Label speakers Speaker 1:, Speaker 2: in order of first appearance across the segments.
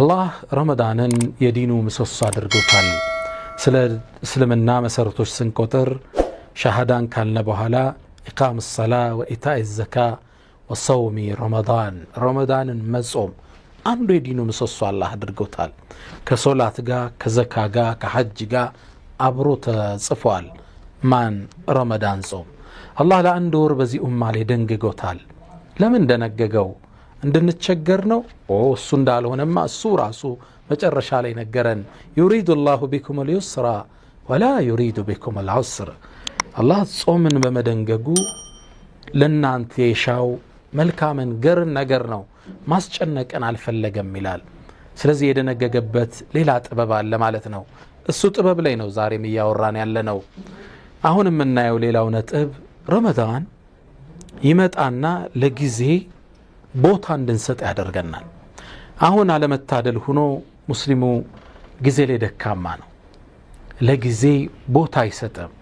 Speaker 1: አላህ ረመዳንን የዲኑ ምሰሶ አድርጎታል። ስለ እስልምና መሰረቶች ስንቆጥር ሻሃዳን ካልነ በኋላ ኢቃም ሰላ ወኢታ ዘካ ወሰውሚ ረመዳን ረመዳንን መጾም አንዱ የዲኑ ምሰሶ አላህ አድርጎታል። ከሶላት ጋር ከዘካ ጋር ከሐጅ ጋር አብሮ ተጽፏል። ማን ረመዳን ጾም አላህ ለአንድ ወር በዚህ ኡማ ላይ ደንግጎታል። ለምን ደነገገው? እንድንቸገር ነው? ኦ እሱ እንዳልሆነማ እሱ ራሱ መጨረሻ ላይ ነገረን። ዩሪዱ ላሁ ቢኩም ልዩስራ ወላ ዩሪዱ ቢኩም ልዑስር። አላህ ጾምን በመደንገጉ ለእናንተ የሻው መልካምን ገርን ነገር ነው፣ ማስጨነቅን አልፈለገም ይላል። ስለዚህ የደነገገበት ሌላ ጥበብ አለ ማለት ነው። እሱ ጥበብ ላይ ነው ዛሬም እያወራን ያለ ነው። አሁን የምናየው ሌላው ነጥብ ረመዳን ይመጣና ለጊዜ ቦታ እንድንሰጥ ያደርገናል። አሁን አለመታደል ሆኖ ሙስሊሙ ጊዜ ላይ ደካማ ነው። ለጊዜ ቦታ አይሰጥም።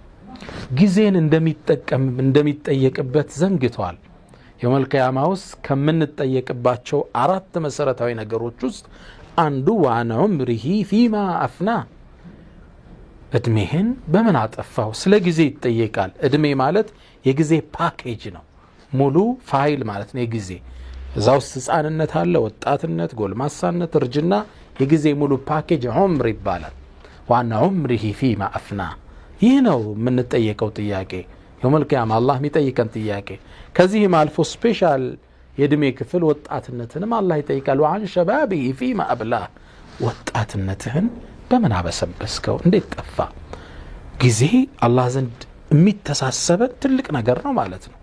Speaker 1: ጊዜን እንደሚጠቀም እንደሚጠየቅበት ዘንግተዋል። የመልቀያማ ውስጥ ከምንጠየቅባቸው አራት መሰረታዊ ነገሮች ውስጥ አንዱ ዋነ ዑምሪሂ ፊማ አፍና እድሜህን በምን አጠፋው? ስለ ጊዜ ይጠየቃል። እድሜ ማለት የጊዜ ፓኬጅ ነው። ሙሉ ፋይል ማለት ነው የጊዜ እዛ ውስጥ ህፃንነት አለ፣ ወጣትነት፣ ጎልማሳነት፣ እርጅና የጊዜ ሙሉ ፓኬጅ ዑምር ይባላል። ዋና ዑምሪሂ ፊማ አፍና። ይህ ነው የምንጠየቀው ጥያቄ የውመል ቂያማ አላህ የሚጠይቀን ጥያቄ። ከዚህም አልፎ ስፔሻል የእድሜ ክፍል ወጣትነትንም አላህ ይጠይቃል። ዋን ሸባቢ ፊማ አብላህ፣ ወጣትነትህን በምን አበሰበስከው? እንዴት ጠፋ? ጊዜ አላህ ዘንድ የሚተሳሰበን ትልቅ ነገር ነው ማለት ነው።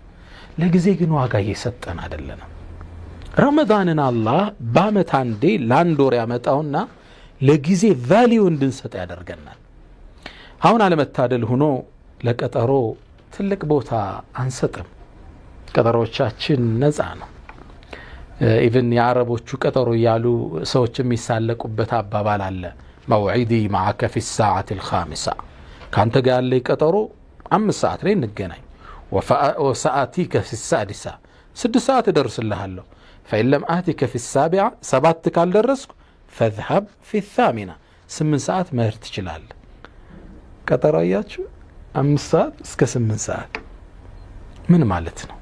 Speaker 1: ለጊዜ ግን ዋጋ እየሰጠን አይደለንም። ረመዳንን አላህ በአመት አንዴ ለአንድ ወር ያመጣውና ለጊዜ ቫሊዩ እንድንሰጥ ያደርገናል። አሁን አለመታደል ሆኖ ለቀጠሮ ትልቅ ቦታ አንሰጥም። ቀጠሮዎቻችን ነፃ ነው። ኢቭን የአረቦቹ ቀጠሮ እያሉ ሰዎች የሚሳለቁበት አባባል አለ። መውዒዲ ማዓከ ፊ ሰዓት ልካሚሳ ከአንተ ጋር ያለ ቀጠሮ አምስት ሰዓት ላይ እንገናኝ። ወሰአቲከ ፊ ሳዲሳ ስድስት ሰዓት እደርስልሃለሁ ፈኢንለም አህቲከ ፊ ሳቢዓ ሰባት ካልደረስኩ ፈዝሀብ ፊ ታሚና ስምንት ሰዓት መሄድ ትችላለ ቀጠሮ አያችሁ፣ አምስት ሰዓት እስከ ስምንት ሰዓት ምን ማለት ነው?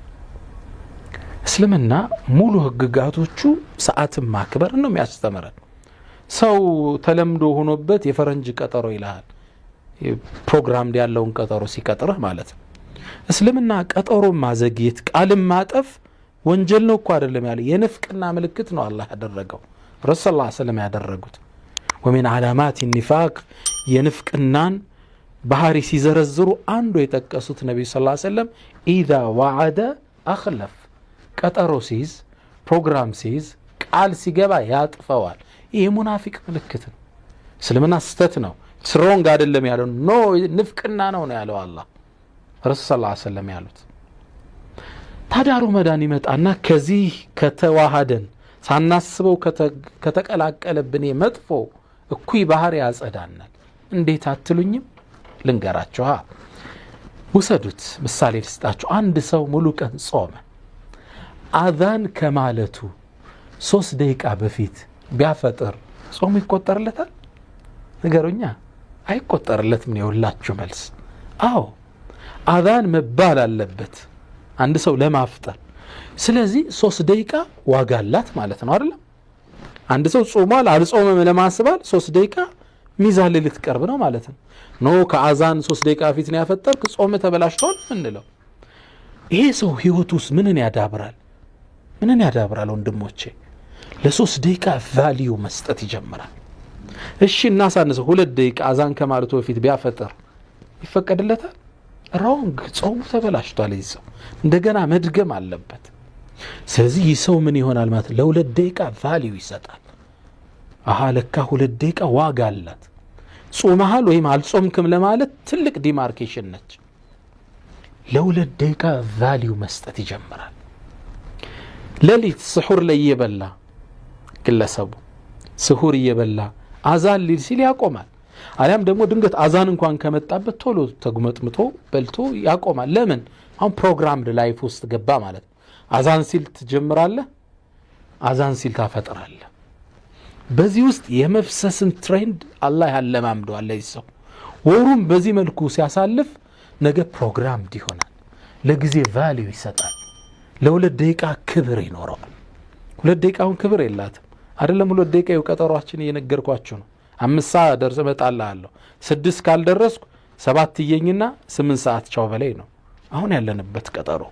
Speaker 1: እስልምና ሙሉ ህግጋቶቹ ሰዓትን ማክበር ነው የሚያስተምረን። ሰው ተለምዶ ሆኖበት የፈረንጅ ቀጠሮ ይልሃል፣ ፕሮግራም ያለውን ቀጠሮ ሲቀጥርህ ማለት ነው። እስልምና ቀጠሮ ማዘግየት፣ ቃልን ማጠፍ ወንጀል ነው እኮ አይደለም ያለ የንፍቅና ምልክት ነው አላህ ያደረገው ረሱ ስ ሰለም ያደረጉት ወሚን አላማት ኒፋቅ የንፍቅናን ባህሪ ሲዘረዝሩ አንዱ የጠቀሱት ነቢዩ ስ ሰለም ኢዛ ዋዓደ አክለፍ ቀጠሮ ሲይዝ ፕሮግራም ሲይዝ ቃል ሲገባ ያጥፈዋል ይህ ሙናፊቅ ምልክት ነው እስልምና ስህተት ነው ስሮንግ አይደለም ያለው ኖ ንፍቅና ነው ነው ያለው አላህ ረሱ ስ ሰለም ያሉት ታዲያ ሮመዳን ይመጣና ከዚህ ከተዋሃደን ሳናስበው ከተቀላቀለብን መጥፎ እኩይ ባህር ያጸዳናል። እንዴት አትሉኝም? ልንገራችኋ። ውሰዱት፣ ምሳሌ ልስጣችሁ። አንድ ሰው ሙሉ ቀን ጾመ። አዛን ከማለቱ ሶስት ደቂቃ በፊት ቢያፈጥር ጾሙ ይቆጠርለታል? ንገሩኛ። አይቆጠርለትም ምን የውላችሁ መልስ። አዎ አዛን መባል አለበት። አንድ ሰው ለማፍጠር። ስለዚህ ሶስት ደቂቃ ዋጋ አላት ማለት ነው አይደለም? አንድ ሰው ጾሟል አልጾመም ለማስባል ሶስት ደቂቃ ሚዛን ላይ ልትቀርብ ነው ማለት ነው። ኖ ከአዛን ሶስት ደቂቃ ፊት ነው ያፈጠርክ ጾም ተበላሽቷል ምንለው። ይሄ ሰው ህይወት ውስጥ ምንን ያዳብራል? ምንን ያዳብራል? ወንድሞቼ ለሶስት ደቂቃ ቫሊዩ መስጠት ይጀምራል። እሺ እናሳንሰው፣ ሁለት ደቂቃ አዛን ከማለቱ በፊት ቢያፈጥር ይፈቀድለታል? ሮንግ ጾሙ ተበላሽቷል። ይህ ሰው እንደገና መድገም አለበት። ስለዚህ ይህ ሰው ምን ይሆናል ማለት ለሁለት ደቂቃ ቫሊዩ ይሰጣል። አሀ ለካ ሁለት ደቂቃ ዋጋ አላት። ጾመሃል ወይም አልጾምክም ለማለት ትልቅ ዲማርኬሽን ነች። ለሁለት ደቂቃ ቫሊዩ መስጠት ይጀምራል። ሌሊት ስሑር ላይ እየበላ ግለሰቡ ስሑር እየበላ አዛን ሊል ሲል ያቆማል። አሊያም ደግሞ ድንገት አዛን እንኳን ከመጣበት ቶሎ ተጉመጥምቶ በልቶ ያቆማል። ለምን አሁን ፕሮግራምድ ላይፍ ውስጥ ገባ ማለት ነው። አዛን ሲል ትጀምራለ አዛን ሲል ታፈጥራለ በዚህ ውስጥ የመፍሰስን ትሬንድ አላህ ያለማምደዋል። ሰው ወሩም በዚህ መልኩ ሲያሳልፍ ነገ ፕሮግራምድ ይሆናል። ለጊዜ ቫሊዩ ይሰጣል። ለሁለት ደቂቃ ክብር ይኖረዋል። ሁለት ደቂቃ አሁን ክብር የላትም አይደለም። ሁለት ደቂቃ የቀጠሯችን እየነገርኳችሁ ነው። አምስት ሰዓት ደርሰ እመጣልሃለሁ። ስድስት ካልደረስኩ ሰባት እየኝና ስምንት ሰዓት ቻው በላይ ነው አሁን ያለንበት ቀጠሮ።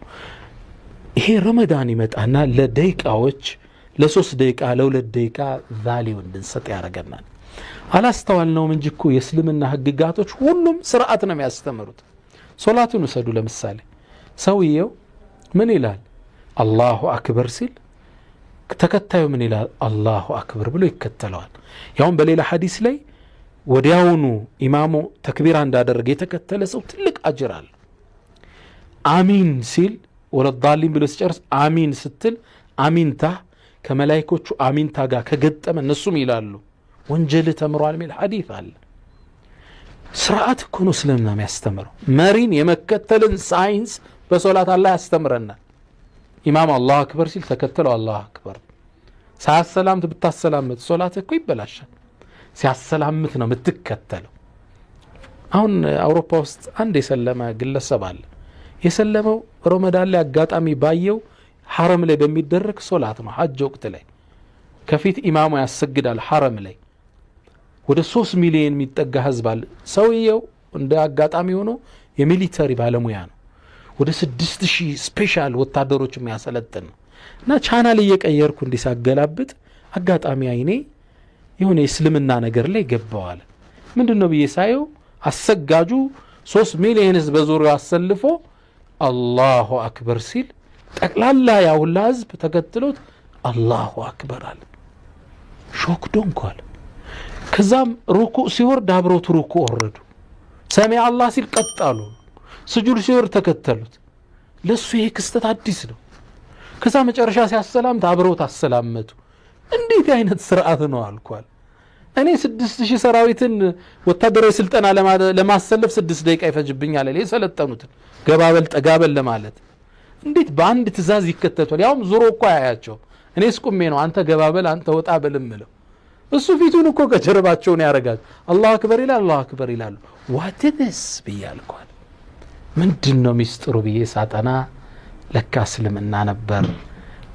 Speaker 1: ይሄ ረመዳን ይመጣና ለደቂቃዎች ለሶስት ደቂቃ ለሁለት ደቂቃ ቫሊው እንድንሰጥ ያደርገናል። አላስተዋልነውም እንጂ እኮ የእስልምና ህግጋቶች ሁሉም ስርዓት ነው የሚያስተምሩት። ሶላቱን ውሰዱ ለምሳሌ ሰውየው ምን ይላል? አላሁ አክበር ሲል ተከታዩ ምን ይላል? አላሁ አክበር ብሎ ይከተለዋል። ያውም በሌላ ሐዲስ ላይ ወዲያውኑ ኢማሙ ተክቢራ እንዳደረገ የተከተለ ሰው ትልቅ አጅር አለ። አሚን ሲል ወለዳሊን ብሎ ሲጨርስ አሚን ስትል አሚንታ ከመላይኮቹ አሚንታ ጋር ከገጠመ እነሱም ይላሉ ወንጀል ተምሯል የሚል ሐዲስ አለ። ስርዓት እኮ ነው እስልምና የሚያስተምረው መሪን የመከተልን ሳይንስ በሶላት አላህ ያስተምረናል። ኢማም አላህ አክበር ሲል ተከተለው አላሁ አክበር። ሳያሰላምት ብታሰላምት ሶላት እኮ ይበላሻል። ሲያሰላምት ነው የምትከተለው። አሁን አውሮፓ ውስጥ አንድ የሰለመ ግለሰብ አለ። የሰለመው ሮመዳን ላይ አጋጣሚ ባየው ሐረም ላይ በሚደረግ ሶላት ነው። ሀጅ ወቅት ላይ ከፊት ኢማሙ ያሰግዳል። ሐረም ላይ ወደ ሶስት ሚሊዮን የሚጠጋ ህዝብ አለ። ሰውየው እንደ አጋጣሚ ሆኖ የሚሊተሪ ባለሙያ ነው። ወደ ስድስት ሺህ ስፔሻል ወታደሮች የሚያሰለጥን ነው እና ቻናል እየቀየርኩ እንዲሳገላብጥ አጋጣሚ አይኔ የሆነ የእስልምና ነገር ላይ ገባዋል። ምንድን ነው ብዬ ሳየው አሰጋጁ ሶስት ሚሊዮን ህዝብ በዙሪያው አሰልፎ አላሁ አክበር ሲል ጠቅላላ ያሁላ ህዝብ ተከትሎት አላሁ አክበር አለ። ሾክ ዶንኳል። ከዛም ሩኩ ሲወርድ አብሮት ሩኩዕ ወረዱ። ሰሚ አላህ ሲል ቀጣሉ። ስጁድ ሲወርድ ተከተሉት። ለእሱ ይሄ ክስተት አዲስ ነው። ከዛ መጨረሻ ሲያሰላምት አብረው አሰላመቱ እንዴት አይነት ስርዓት ነው አልኳል። እኔ ስድስት ሺህ ሰራዊትን ወታደራዊ ስልጠና ለማሰለፍ ስድስት ደቂቃ ይፈጅብኛል። የሰለጠኑትን ገባበል ጠጋበል ለማለት እንዴት በአንድ ትእዛዝ ይከተቷል? ያውም ዙሮ እኮ አያያቸው። እኔ ስቁሜ ነው አንተ ገባበል አንተ ወጣ በል እምለው። እሱ ፊቱን እኮ ከጀርባቸውን ያደርጋል። አላሁ አክበር ይላል፣ አላሁ አክበር ይላሉ። ዋትስ ብዬ አልኳል። ምንድን ነው ሚስጥሩ ብዬ ሳጠና ለካ እስልምና ነበር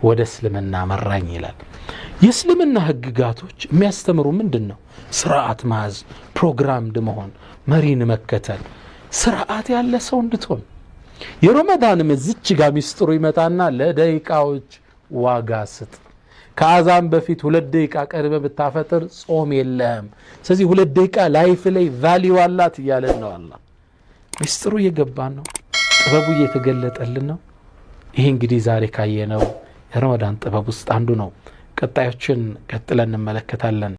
Speaker 1: ወደ እስልምና መራኝ ይላል። የእስልምና ህግጋቶች የሚያስተምሩ ምንድን ነው? ስርዓት ማዝ፣ ፕሮግራምድ መሆን፣ መሪን መከተል፣ ስርዓት ያለ ሰው እንድትሆን። የረመዳንም እዚች ጋር ሚስጥሩ ይመጣና ለደቂቃዎች ዋጋ ስጥ። ከአዛን በፊት ሁለት ደቂቃ ቀድመ ብታፈጥር ጾም የለህም። ስለዚህ ሁለት ደቂቃ ላይፍ ላይ ቫሊዩ አላት እያለን ነው አላ ምስጥሩ እየገባን ነው። ጥበቡ እየተገለጠልን ነው። ይህ እንግዲህ ዛሬ ካየነው የረመዳን ጥበብ ውስጥ አንዱ ነው። ቀጣዮችን ቀጥለን እንመለከታለን።